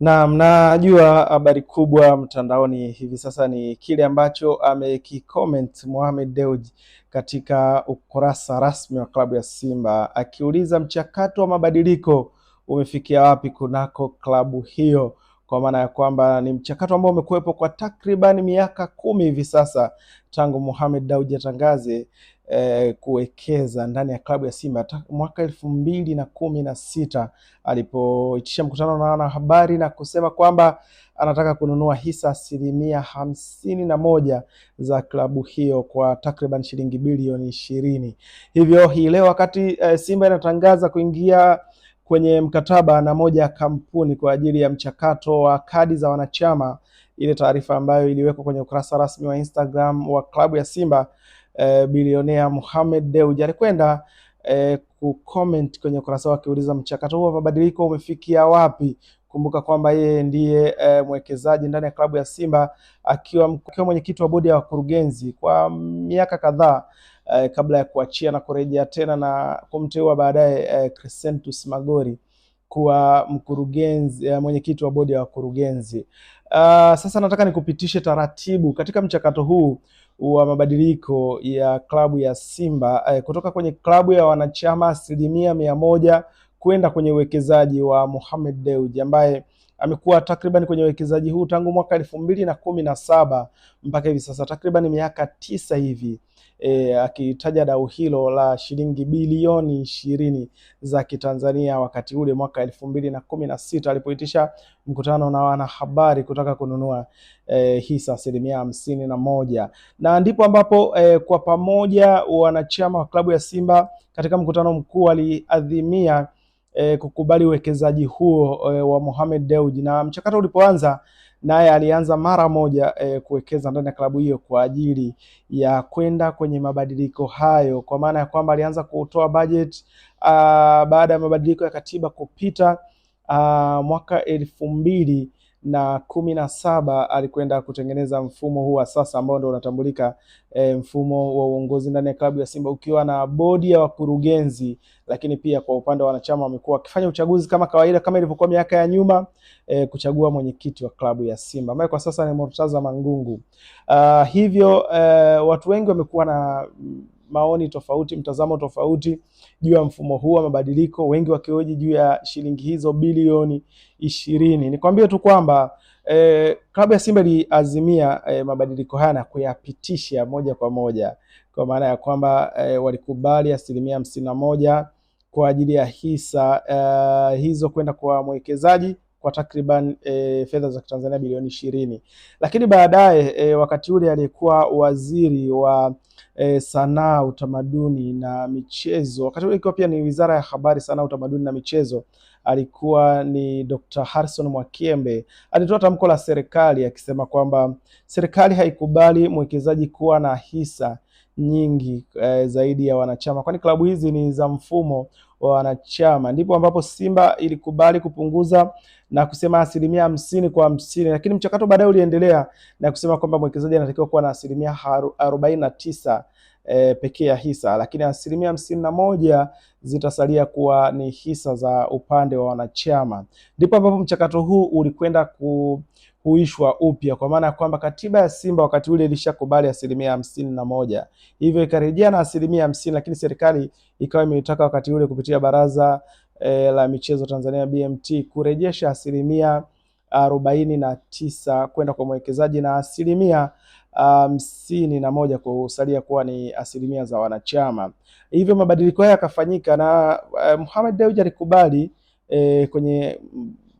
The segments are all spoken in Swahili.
Na mnajua habari kubwa mtandaoni hivi sasa ni kile ambacho amekicomment Mohamed Dewji katika ukurasa rasmi wa klabu ya Simba akiuliza mchakato wa mabadiliko umefikia wapi kunako klabu hiyo, kwa maana ya kwamba ni mchakato ambao umekuwepo kwa takriban miaka kumi hivi sasa tangu Mohamed Dewji atangaze eh, kuwekeza ndani ya klabu ya Simba mwaka elfu mbili na kumi na sita alipoitisha mkutano na wanahabari na kusema kwamba anataka kununua hisa asilimia hamsini na moja za klabu hiyo kwa takriban shilingi bilioni ishirini. Hivyo hii leo wakati eh, Simba inatangaza kuingia kwenye mkataba na moja ya kampuni kwa ajili ya mchakato wa kadi za wanachama, ile taarifa ambayo iliwekwa kwenye ukurasa rasmi wa Instagram wa klabu ya Simba eh, bilionea Mohamed Dewji alikwenda eh, kucomment kwenye ukurasa wake uliza mchakato huo wa mabadiliko umefikia wapi? Kumbuka kwamba yeye ndiye e, mwekezaji ndani ya klabu ya Simba akiwa mwenyekiti wa bodi ya wakurugenzi kwa miaka kadhaa e, kabla ya kuachia na kurejea tena na kumteua baadaye e, Crescentus Magori kuwa mkurugenzi mwenyekiti wa bodi ya wakurugenzi. Uh, sasa nataka nikupitishe taratibu katika mchakato huu wa mabadiliko ya klabu ya Simba eh, kutoka kwenye klabu ya wanachama asilimia mia moja kwenda kwenye uwekezaji wa Mohamed Dewji ambaye amekuwa takriban kwenye uwekezaji huu tangu mwaka elfu mbili na kumi na saba mpaka hivi sasa takriban miaka tisa hivi e, akitaja dau hilo la shilingi bilioni ishirini za Kitanzania wakati ule mwaka elfu mbili na kumi na sita alipoitisha mkutano na wanahabari kutaka kununua e, hisa asilimia hamsini na moja na ndipo ambapo e, kwa pamoja wanachama wa klabu ya Simba katika mkutano mkuu waliadhimia e, kukubali uwekezaji huo e, wa Mohamed Dewji, na mchakato ulipoanza naye alianza mara moja e, kuwekeza ndani ya klabu hiyo kwa ajili ya kwenda kwenye mabadiliko hayo, kwa maana ya kwamba alianza kutoa bajeti baada ya mabadiliko ya katiba kupita a, mwaka elfu mbili na kumi na saba alikwenda kutengeneza mfumo huu wa sasa ambao ndo unatambulika e, mfumo wa uongozi ndani ya klabu ya Simba ukiwa na bodi ya wakurugenzi, lakini pia kwa upande wa wanachama wamekuwa wakifanya uchaguzi kama kawaida kama ilivyokuwa miaka ya nyuma e, kuchagua mwenyekiti wa klabu ya Simba ambaye kwa sasa ni Murtaza Mangungu. Uh, hivyo uh, watu wengi wamekuwa na maoni tofauti, mtazamo tofauti juu ya mfumo huu wa mabadiliko, wengi wakioji juu ya shilingi hizo bilioni ishirini. Nikwambie tu kwamba e, eh, klabu ya Simba iliazimia e, mabadiliko haya na kuyapitisha moja kwa moja, kwa maana ya kwamba e, walikubali asilimia hamsini na moja kwa ajili ya hisa e, hizo kwenda kwa mwekezaji kwa takriban e, fedha za Tanzania bilioni ishirini, lakini baadaye e, wakati ule aliyekuwa waziri wa e, sanaa, utamaduni na michezo, wakati ikiwa pia ni wizara ya habari, sanaa, utamaduni na michezo, alikuwa ni Dr. Harrison Mwakyembe alitoa tamko la serikali akisema kwamba serikali haikubali mwekezaji kuwa na hisa nyingi eh, zaidi ya wanachama, kwani klabu hizi ni za mfumo wa wanachama. Ndipo ambapo Simba ilikubali kupunguza na kusema asilimia hamsini kwa hamsini, lakini mchakato baadaye uliendelea na kusema kwamba mwekezaji anatakiwa kuwa na asilimia arobaini na tisa e, pekee ya hisa, lakini asilimia hamsini na moja zitasalia kuwa ni hisa za upande wa wanachama. Ndipo ambapo mchakato huu ulikwenda ku huishwa upya kwa maana ya kwamba katiba ya Simba wakati ule ilishakubali asilimia hamsini na moja, hivyo ikarejea na asilimia hamsini, lakini serikali ikawa imeitaka wakati ule kupitia baraza e, la michezo Tanzania BMT kurejesha asilimia arobaini na tisa kwenda kwa mwekezaji na asilimia ah, hamsini um, na moja kusalia kuwa ni asilimia za wanachama. Hivyo mabadiliko haya yakafanyika na uh, Mohamed Dewji alikubali eh, kwenye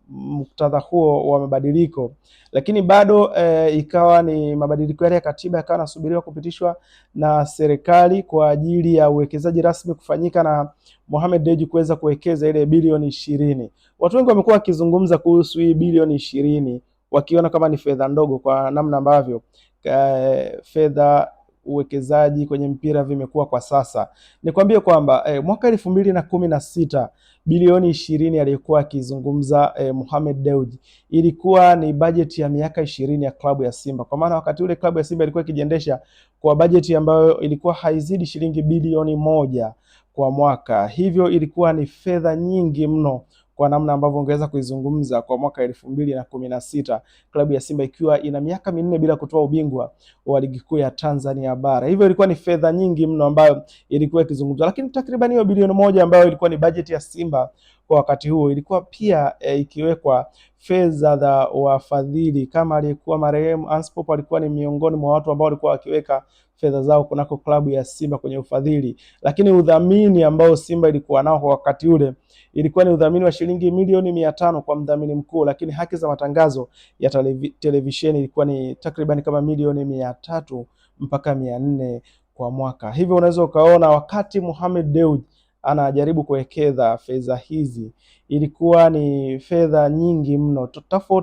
muktadha huo wa mabadiliko, lakini bado e, ikawa ni mabadiliko yale ya katiba yakawa nasubiriwa kupitishwa na serikali kwa ajili ya uwekezaji rasmi kufanyika na Mohamed Dewji kuweza kuwekeza ile bilioni ishirini. Watu wengi wamekuwa wakizungumza kuhusu hii bilioni ishirini wakiona kama ni fedha ndogo kwa namna ambavyo e, fedha uwekezaji kwenye mpira vimekuwa kwa sasa. Nikwambie kwamba eh, mwaka elfu mbili na kumi na sita bilioni ishirini aliyokuwa akizungumza eh, Mohamed Dewji ilikuwa ni bajeti ya miaka ishirini ya klabu ya Simba, kwa maana wakati ule klabu ya Simba ilikuwa ikijiendesha kwa bajeti ambayo ilikuwa haizidi shilingi bilioni moja kwa mwaka, hivyo ilikuwa ni fedha nyingi mno kwa namna ambavyo ungeweza kuizungumza kwa mwaka elfu mbili na kumi na sita klabu ya Simba ikiwa ina miaka minne bila kutoa ubingwa wa ligi kuu ya Tanzania bara. Hivyo ilikuwa ni fedha nyingi mno ambayo ilikuwa ikizungumzwa, lakini takriban hiyo bilioni moja ambayo ilikuwa ni bajeti ya Simba kwa wakati huo. Ilikuwa pia e, ikiwekwa fedha za wafadhili kama aliyekuwa marehemu Hans alikuwa ni miongoni mwa watu ambao walikuwa wakiweka fedha zao kunako klabu ya Simba kwenye ufadhili, lakini udhamini ambao Simba ilikuwa nao kwa wakati ule ilikuwa ni udhamini wa shilingi milioni mia tano kwa mdhamini mkuu, lakini haki za matangazo ya televisheni ilikuwa ni takriban kama milioni mia tatu mpaka mia nne kwa mwaka. Hivyo unaweza ukaona wakati Mohamed Dewji anajaribu kuwekeza fedha hizi, ilikuwa ni fedha nyingi mno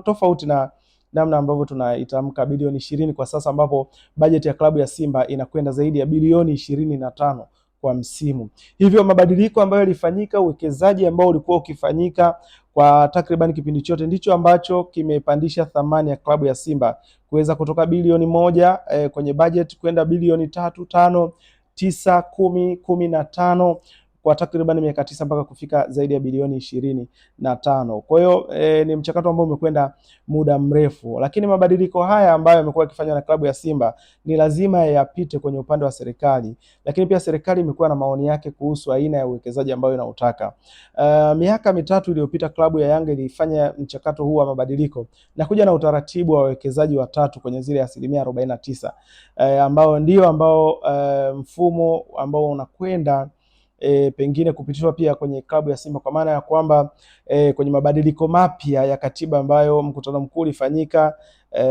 tofauti na namna ambavyo tunaitamka bilioni ishirini kwa sasa, ambapo bajeti ya klabu ya Simba inakwenda zaidi ya bilioni ishirini na tano kwa msimu. Hivyo mabadiliko ambayo yalifanyika, uwekezaji ambao ulikuwa ukifanyika kwa takriban kipindi chote, ndicho ambacho kimepandisha thamani ya klabu ya Simba kuweza kutoka bilioni moja eh, kwenye bajeti kwenda bilioni tatu, tano, tisa, kumi, kumi na tano kwa takriban miaka tisa mpaka kufika zaidi ya bilioni ishirini na tano. Kwa hiyo e, ni mchakato ambao umekwenda muda mrefu, lakini mabadiliko haya ambayo yamekuwa yakifanywa na klabu ya Simba ni lazima yapite kwenye upande wa serikali, lakini pia serikali imekuwa na maoni yake kuhusu aina ya uwekezaji ambayo inautaka. Uh, miaka mitatu iliyopita klabu ya Yanga ilifanya mchakato huu wa mabadiliko na kuja na utaratibu wa wawekezaji watatu kwenye zile asilimia arobaini na tisa uh, ambao ndio ambao uh, mfumo ambao unakwenda e, pengine kupitishwa pia kwenye klabu ya Simba kwa maana ya kwamba e, kwenye mabadiliko mapya ya katiba ambayo mkutano mkuu ulifanyika e,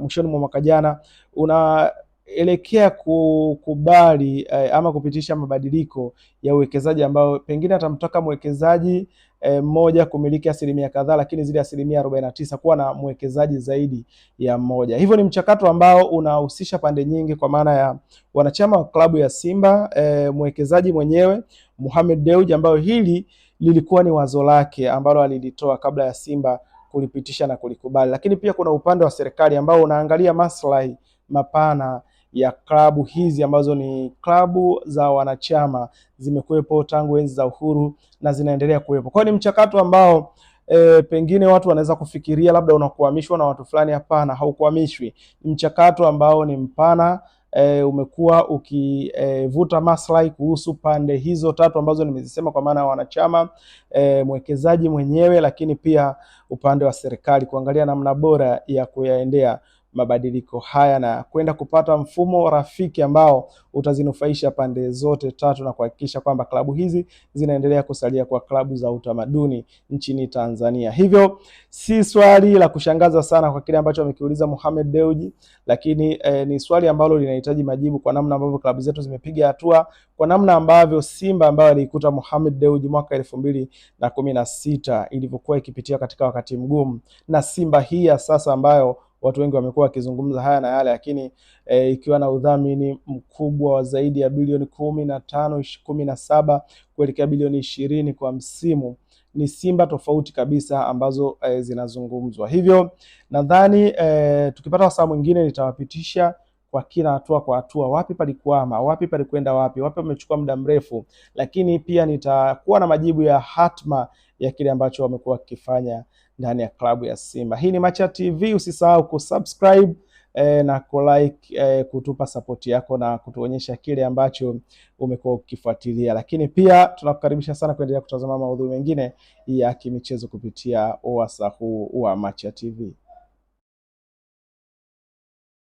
mwishoni mwa mwaka jana una elekea kukubali eh, ama kupitisha mabadiliko ya uwekezaji ambayo pengine atamtoka mwekezaji eh, mmoja kumiliki asilimia kadhaa, lakini zile asilimia arobaini na tisa kuwa na mwekezaji zaidi ya mmoja. Hivyo ni mchakato ambao unahusisha pande nyingi, kwa maana ya wanachama wa klabu ya Simba eh, mwekezaji mwenyewe Mohamed Dewji, ambayo hili lilikuwa ni wazo lake ambalo alilitoa kabla ya Simba kulipitisha na kulikubali, lakini pia kuna upande wa serikali ambao unaangalia maslahi mapana ya klabu hizi ambazo ni klabu za wanachama zimekuwepo tangu enzi za uhuru na zinaendelea kuwepo. Kwa hiyo ni mchakato ambao E, pengine watu wanaweza kufikiria labda unakuhamishwa na watu fulani. Hapana, haukuhamishwi. Ni mchakato ambao ni mpana e, umekuwa ukivuta e, maslahi kuhusu pande hizo tatu ambazo nimezisema, kwa maana ya wanachama e, mwekezaji mwenyewe, lakini pia upande wa serikali kuangalia namna bora ya kuyaendea mabadiliko haya na kwenda kupata mfumo rafiki ambao utazinufaisha pande zote tatu na kuhakikisha kwamba klabu hizi zinaendelea kusalia kwa klabu za utamaduni nchini Tanzania. Hivyo si swali la kushangaza sana kwa kile ambacho amekiuliza Mohamed Deuji, lakini eh, ni swali ambalo linahitaji majibu kwa namna ambavyo klabu zetu zimepiga hatua, kwa namna ambavyo Simba ambayo aliikuta Mohamed Deuji mwaka elfu mbili na kumi na sita ilivyokuwa ikipitia katika wakati mgumu, na Simba hii ya sasa ambayo Watu wengi wamekuwa wakizungumza haya na yale, lakini e, ikiwa na udhamini mkubwa wa zaidi ya bilioni kumi na tano kumi na saba kuelekea bilioni ishirini kwa msimu ni Simba tofauti kabisa ambazo e, zinazungumzwa. Hivyo nadhani e, tukipata wasaa mwingine nitawapitisha kwa kila hatua kwa hatua, wapi palikwama, wapi palikwenda, wapi wapi wamechukua muda mrefu, lakini pia nitakuwa na majibu ya hatma ya kile ambacho wamekuwa wakifanya ndani ya klabu ya Simba. Hii ni Macha TV, usisahau kusubscribe eh, na kulike eh, kutupa sapoti yako na kutuonyesha kile ambacho umekuwa ukifuatilia, lakini pia tunakukaribisha sana kuendelea kutazama maudhui mengine ya kimichezo kupitia uwasa huu wa Macha TV.